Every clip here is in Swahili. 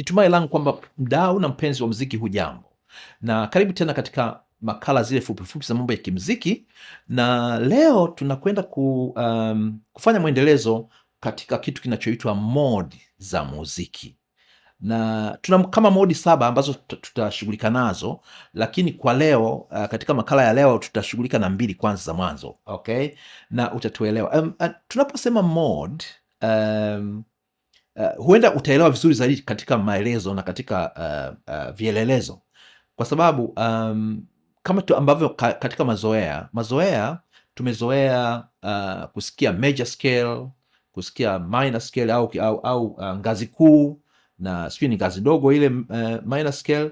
Nitumai langu kwamba mdau na mpenzi wa mziki hujambo, na karibu tena katika makala zile fupifupi za mambo ya kimziki, na leo tunakwenda ku, um, kufanya mwendelezo katika kitu kinachoitwa modi za muziki na tuna kama modi saba ambazo tutashughulika nazo, lakini kwa leo uh, katika makala ya leo tutashughulika na mbili kwanza za mwanzo okay? na utatuelewa um, uh, tunaposema mod um, uh, huenda utaelewa vizuri zaidi katika maelezo na katika uh, uh, vielelezo kwa sababu um, kama tu ambavyo ka, katika mazoea mazoea tumezoea uh, kusikia major scale, kusikia minor scale au, au, au uh, ngazi kuu na sijui ni ngazi dogo ile uh, minor scale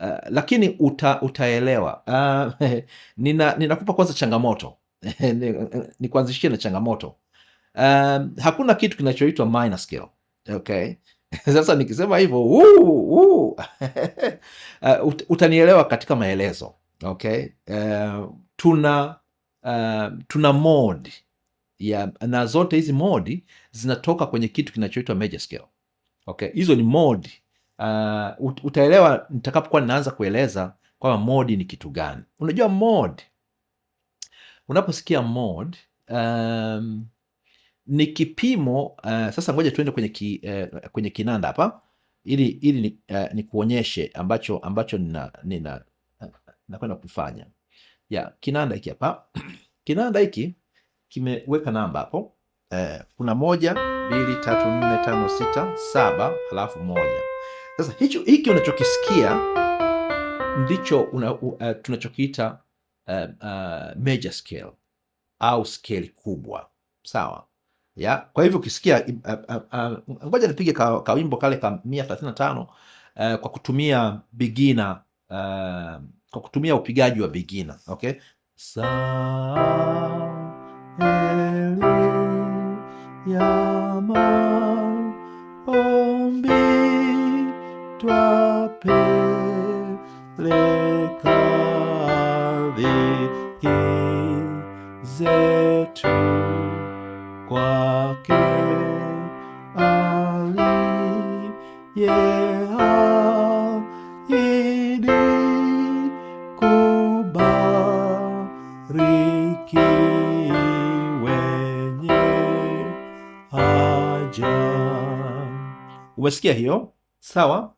uh, lakini uta, utaelewa uh, nina, ninakupa kwanza changamoto nikuanzishie na changamoto um, hakuna kitu kinachoitwa minor scale Okay. Sasa nikisema hivyo uh, utanielewa katika maelezo okay. Uh, tuna uh, tuna modi ya na zote hizi modi zinatoka kwenye kitu kinachoitwa major scale okay. Hizo ni modi uh, utaelewa nitakapokuwa ninaanza kueleza kwamba modi ni kitu gani. Unajua mod, unaposikia mod um, ni kipimo uh, sasa ngoja tuende kwenye, ki, uh, kwenye kinanda hapa ili, ili uh, ni kuonyeshe ambacho ambacho nina, nina, uh, nakwenda kufanya ya kinanda hiki hapa kinanda hiki kimeweka namba hapo eh, kuna moja mbili tatu nne tano sita saba halafu moja. Sasa hicho hiki unachokisikia ndicho una, uh, tunachokiita uh, uh, major scale au scale kubwa, sawa ya kwa hivyo ukisikia ngoja nipige ka, wimbo kale ka mia thelathini na tano uh, kwa kutumia bigina uh, eh, kwa kutumia upigaji wa bigina okay? Sa eli ya maombi twape Umesikia hiyo? Sawa.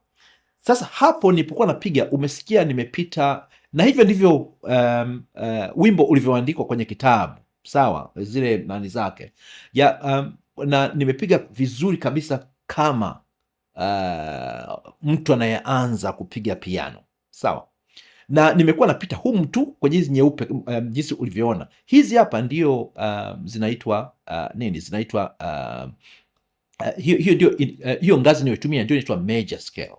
Sasa hapo nilipokuwa napiga, umesikia nimepita, na hivyo ndivyo um, uh, wimbo ulivyoandikwa kwenye kitabu, sawa, zile nani zake ya um, na nimepiga vizuri kabisa kama uh, mtu anayeanza kupiga piano, sawa na nimekuwa napita humu tu kwenye hizi nyeupe um, jinsi ulivyoona hizi hapa ndio um, zinaitwa uh, nini zinaitwa uh, Eh, hiyo ndio eh, hiyo ngazi ninayotumia ndio inaitwa major scale,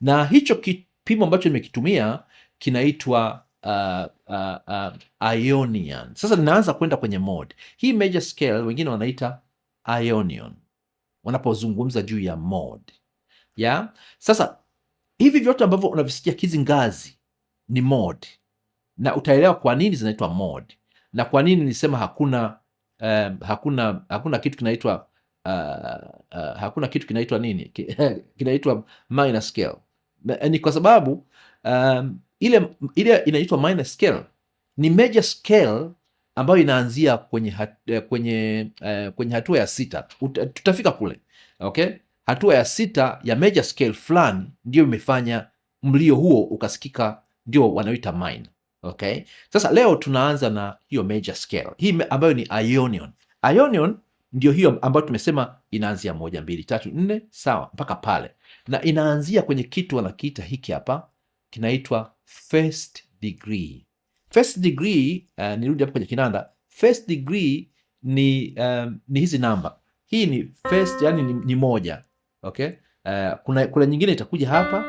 na hicho kipimo ambacho nimekitumia kinaitwa Uh, uh, uh, Ionian. Sasa ninaanza kwenda kwenye mode hii major scale, wengine wanaita Ionian wanapozungumza juu ya mode ya Sasa hivi vyote ambavyo unavisikia hizi ngazi ni mode, na utaelewa kwa nini zinaitwa mode na kwa nini nisema hakuna, um, hakuna, hakuna kitu kinaitwa uh, uh, hakuna kitu kinaitwa nini kinaitwa minor scale. Eh, ni kwa sababu um, ile, ile inaitwa minor scale ni major scale ambayo inaanzia kwenye, hat, eh, kwenye, uh, kwenye hatua ya sita. Tutafika kule okay? Hatua ya sita ya major scale fulani ndio imefanya mlio huo ukasikika, ndio wanaoita minor okay? Sasa leo tunaanza na hiyo major scale hii ambayo ni ionion ionion ndio hiyo ambayo tumesema inaanzia moja, mbili, tatu, nne, sawa mpaka pale, na inaanzia kwenye kitu wanakiita hiki hapa kinaitwa first degree. First degree uh, nirudi hapo kwenye kinanda. First degree ni, um, ni hizi namba, hii ni first, yani ni, ni moja okay? Uh, kuna, kuna nyingine itakuja hapa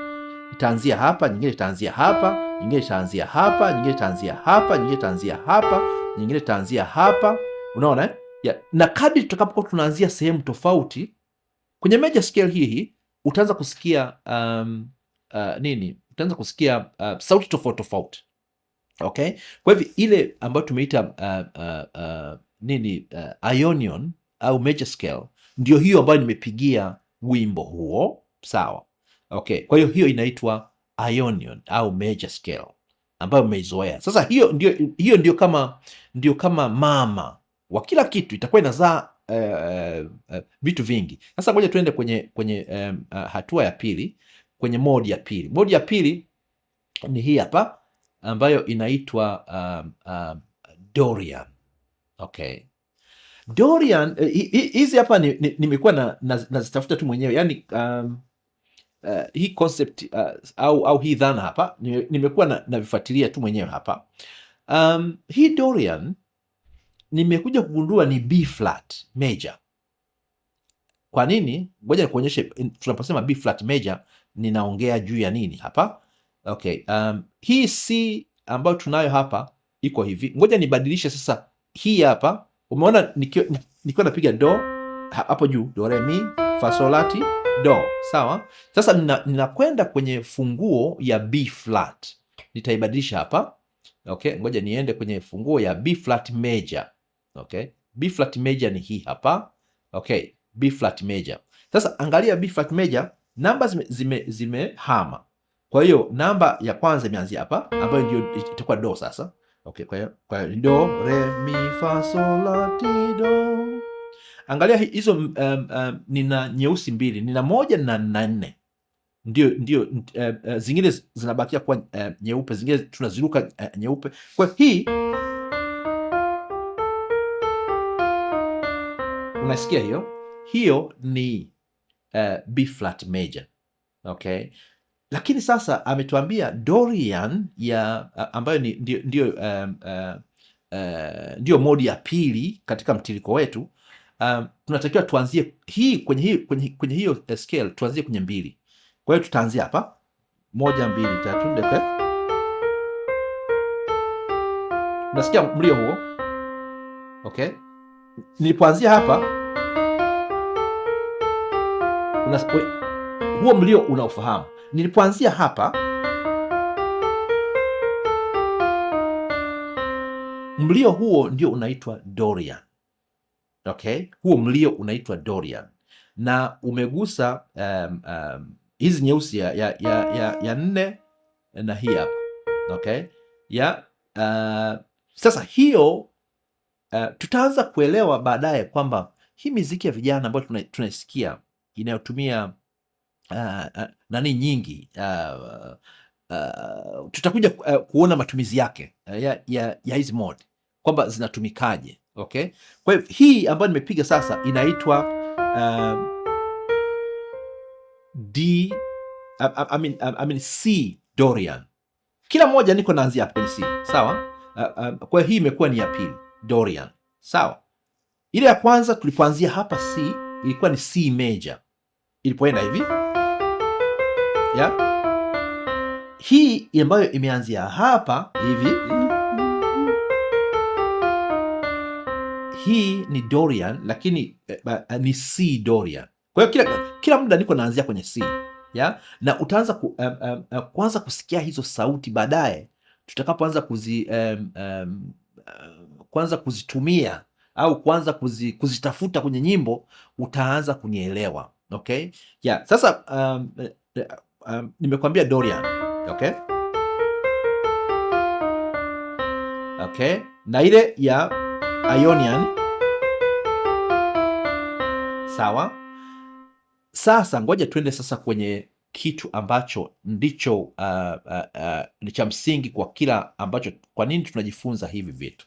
itaanzia hapa, nyingine itaanzia hapa, nyingine itaanzia hapa, nyingine itaanzia hapa, nyingine itaanzia hapa, nyingine itaanzia hapa, unaona eh? Yeah. na kadri tutakapokuwa tunaanzia sehemu tofauti kwenye major scale hii hii utaanza kusikia um, uh, nini utaanza kusikia uh, sauti tofauti tofauti okay? Kwa hivyo ile ambayo tumeita uh, uh, uh, nini uh, Ionian au major scale ndio hiyo ambayo nimepigia wimbo huo, sawa okay? Kwa hiyo hiyo inaitwa Ionian au major scale ambayo umeizoea sasa. Hiyo ndio, hiyo ndio kama, ndio kama mama wa kila kitu itakuwa inazaa uh, uh, vitu vingi. Sasa ngoja tuende kwenye, kwenye um, uh, hatua ya pili, kwenye modi ya pili. Modi ya pili ni hii hapa ambayo inaitwa um, um, Dorian. Okay. Dorian hizi hapa nimekuwa ni, ni nazitafuta na tu mwenyewe yani, um, uh, hii concept uh, au, au hii dhana hapa nimekuwa na navifuatilia tu mwenyewe hapa um, hii Dorian nimekuja kugundua ni B flat major. Kwa nini? Ngoja nikuonyeshe. Tunaposema B flat major ninaongea juu ya nini hapa? Okay, um, hii C ambayo tunayo hapa iko hivi. Ngoja nibadilishe sasa hii hapa. Umeona nikiwa nikiwa napiga do hapo juu, do re mi fa solati do, sawa. Sasa ninakwenda nina kwenye funguo ya B flat, nitaibadilisha hapa. Okay, ngoja niende kwenye funguo ya B flat major. Okay? B flat major ni hii hapa. Okay, B flat major. Sasa angalia B flat major, namba zime zimehama. Kwa hiyo namba ya kwanza imeanzia hapa ambayo ndio itakuwa do sasa. Okay, kwa hiyo kwa hiyo do re mi fa sol la ti do. Angalia hizo um, um, um, nina nyeusi mbili, nina moja na na nne. Ndio ndio uh, uh, zingine zinabakia kuwa uh, nyeupe, zingine tunaziruka uh, nyeupe. Kwa hii Unasikia hiyo? Hiyo ni uh, B flat major. Okay? Lakini sasa ametuambia Dorian ya ambayo ndio, um, uh, uh, modi ya pili katika mtiriko wetu um, tunatakiwa tuanzie hii kwenye, hii, kwenye, kwenye hiyo eh, scale tuanzie kwenye mbili. Kwa hiyo tutaanzia hapa moja, mbili, tatu, ndepe. Unasikia mlio huo? Okay? nilipoanzia hapa una, we, huo mlio unaufahamu. Nilipoanzia hapa mlio huo ndio unaitwa Dorian. Okay, huo mlio unaitwa Dorian na umegusa um, um, hizi nyeusi ya, ya, ya, ya, ya nne na hii hapa okay, ya uh, sasa hiyo uh, tutaanza kuelewa baadaye kwamba hii miziki ya vijana ambayo tunaisikia inayotumia uh, uh, nani nyingi uh, uh, tutakuja uh, kuona matumizi yake uh, ya, ya, ya hizi mod kwamba zinatumikaje. Okay, kwa hiyo hii ambayo nimepiga sasa inaitwa uh, D, I mean, I mean C Dorian. Kila moja niko naanzia hapa kwenye C, sawa? Uh, uh, kwa hiyo hii imekuwa ni ya pili. Dorian. Sawa, ile ya kwanza tulipoanzia hapa C ilikuwa ni C major ilipoenda hivi ya Hii ambayo imeanzia hapa hivi, hii ni Dorian, lakini uh, ni C Dorian. Kwa hiyo kila, kila muda niko naanzia kwenye C ya na utaanza ku, um, um, uh, kuanza kusikia hizo sauti baadaye tutakapoanza kuzi um, um, um, kuanza kuzitumia au kuanza kuzi, kuzitafuta kwenye nyimbo utaanza kunielewa. Okay? Yeah. Sasa um, eh, um, nimekwambia Dorian. Okay? Okay? Na ile ya Ionian. Sawa? Sasa ngoja tuende sasa kwenye kitu ambacho ndicho uh, uh, uh, ni cha msingi kwa kila ambacho, kwa nini tunajifunza hivi vitu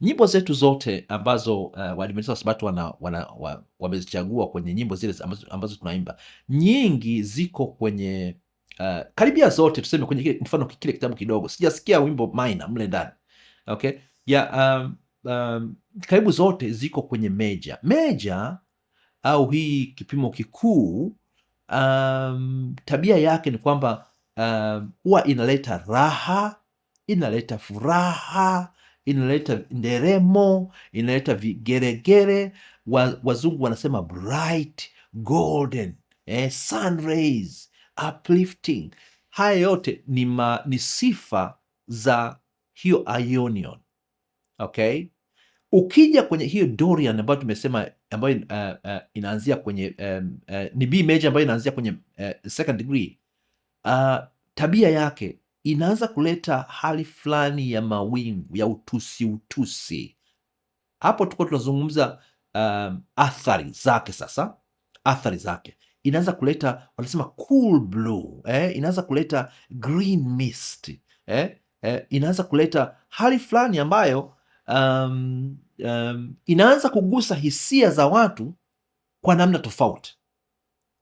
nyimbo zetu zote ambazo uh, eh, Waadventista Wasabato wana, wana, wa, wamezichagua kwenye nyimbo zile ambazo, ambazo tunaimba nyingi ziko kwenye uh, karibia zote tuseme kwenye kile, mfano kile kitabu kidogo sijasikia wimbo minor mle ndani okay? yeah, um, um, karibu zote ziko kwenye meja meja au hii kipimo kikuu. Um, tabia yake ni kwamba um, huwa um, inaleta raha, inaleta furaha inaleta nderemo, inaleta vigeregere, wazungu wanasema bright golden, eh, sun rays, uplifting. Haya yote ni, ma, ni sifa za hiyo ionion okay. Ukija kwenye hiyo Dorian ambayo tumesema ambayo uh, uh, inaanzia kwenye um, uh, ni B major ambayo inaanzia kwenye uh, second degree uh, tabia yake inaanza kuleta hali fulani ya mawingu ya utusi utusi. Hapo tuko tunazungumza um, athari zake. Sasa athari zake inaanza kuleta wanasema cool blue eh, inaanza kuleta green mist eh, eh, inaanza kuleta hali fulani ambayo um, um, inaanza kugusa hisia za watu kwa namna tofauti.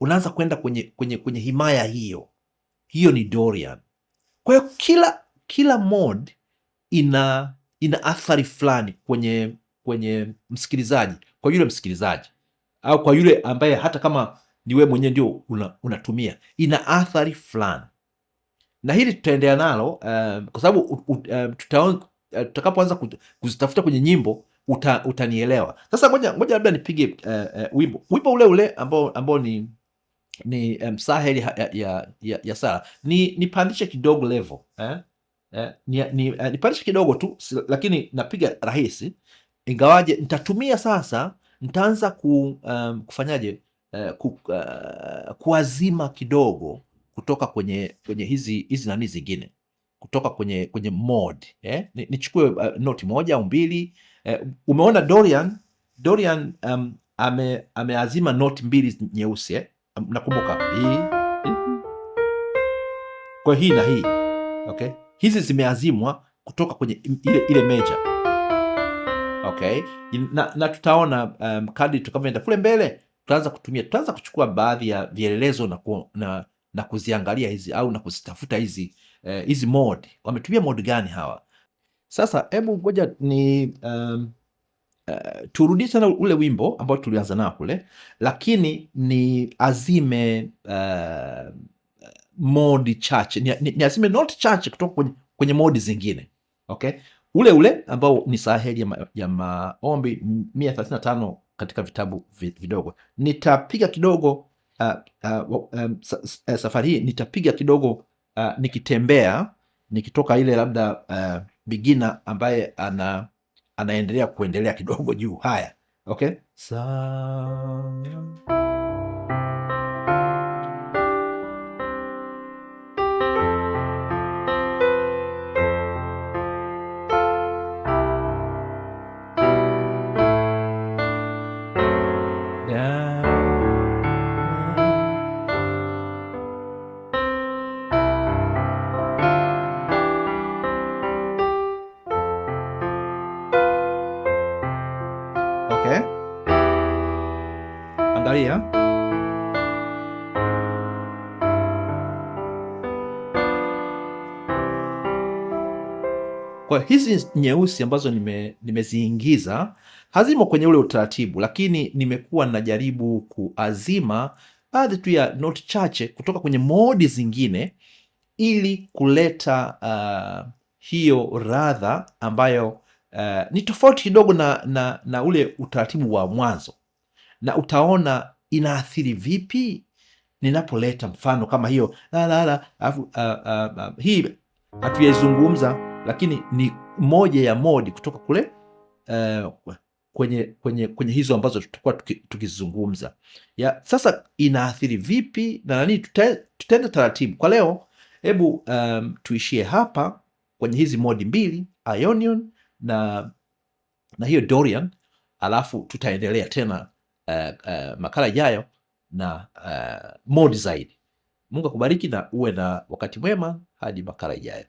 Unaanza kwenda kwenye, kwenye, kwenye himaya hiyo hiyo ni Dorian. Kwa hiyo kila kila mod ina ina athari fulani kwenye kwenye msikilizaji, kwa yule msikilizaji au kwa yule ambaye hata kama ni wewe mwenyewe ndio una, unatumia ina athari fulani, na hili tutaendelea nalo um, kwa sababu um, tutakapoanza uh, kuzitafuta kwenye nyimbo uta, utanielewa. Sasa ngoja ngoja labda nipige uh, uh, wimbo wimbo ule ule ambao ambao ni ni msaheli ya, ya, ya, ya Sara ni nipandishe kidogo level eh? Eh, Ni, ni, eh, kidogo tu lakini napiga rahisi, ingawaje nitatumia sasa, nitaanza ku, um, kufanyaje uh, ku, uh, kuazima kidogo kutoka kwenye kwenye hizi hizi nani zingine kutoka kwenye kwenye mod eh? Nichukue uh, noti moja au mbili eh, umeona Dorian Dorian um, ame, ameazima noti mbili nyeusi eh? nakumbuka hii, kwa hii na hii okay. Hizi zimeazimwa kutoka kwenye ile, ile meja okay. Na, na tutaona um, kadri tukavyoenda kule mbele tutaanza kutumia, tutaanza kuchukua baadhi ya vielelezo na, ku, na, na kuziangalia hizi au na kuzitafuta hizi eh, hizi mode wametumia mode gani hawa? Sasa hebu ngoja ni um, Uh, turudie tena ule wimbo ambao tulianza nao kule, lakini ni azime uh, modi chache ni, ni, ni azime noti chache kutoka kwenye, kwenye modi zingine okay? Ule ule ambao ni saheli ya, ma, ya maombi mia thelathini na tano katika vitabu vidogo. Nitapiga kidogo uh, uh, um, safari hii nitapiga kidogo uh, nikitembea nikitoka ile labda uh, bigina ambaye ana anaendelea kuendelea kidogo juu. Haya, okay. Sawa. Maria. Kwa hizi nyeusi ambazo nime, nimeziingiza hazimo kwenye ule utaratibu, lakini nimekuwa najaribu kuazima baadhi tu ya noti chache kutoka kwenye modi zingine ili kuleta uh, hiyo radha ambayo uh, ni tofauti kidogo na, na, na ule utaratibu wa mwanzo na utaona inaathiri vipi ninapoleta mfano kama hiyo lalala. Alafu uh, uh, uh, hii hatuyaizungumza, lakini ni moja ya modi kutoka kule uh, kwenye, kwenye, kwenye hizo ambazo tutakuwa tukizungumza ya sasa inaathiri vipi na nani. Tutaenda taratibu kwa leo. Hebu um, tuishie hapa kwenye hizi modi mbili Ionian na, na hiyo Dorian, alafu tutaendelea tena uh, uh, makala ijayo na uh, modi zaidi. Mungu akubariki na uwe na wakati mwema hadi makala ijayo.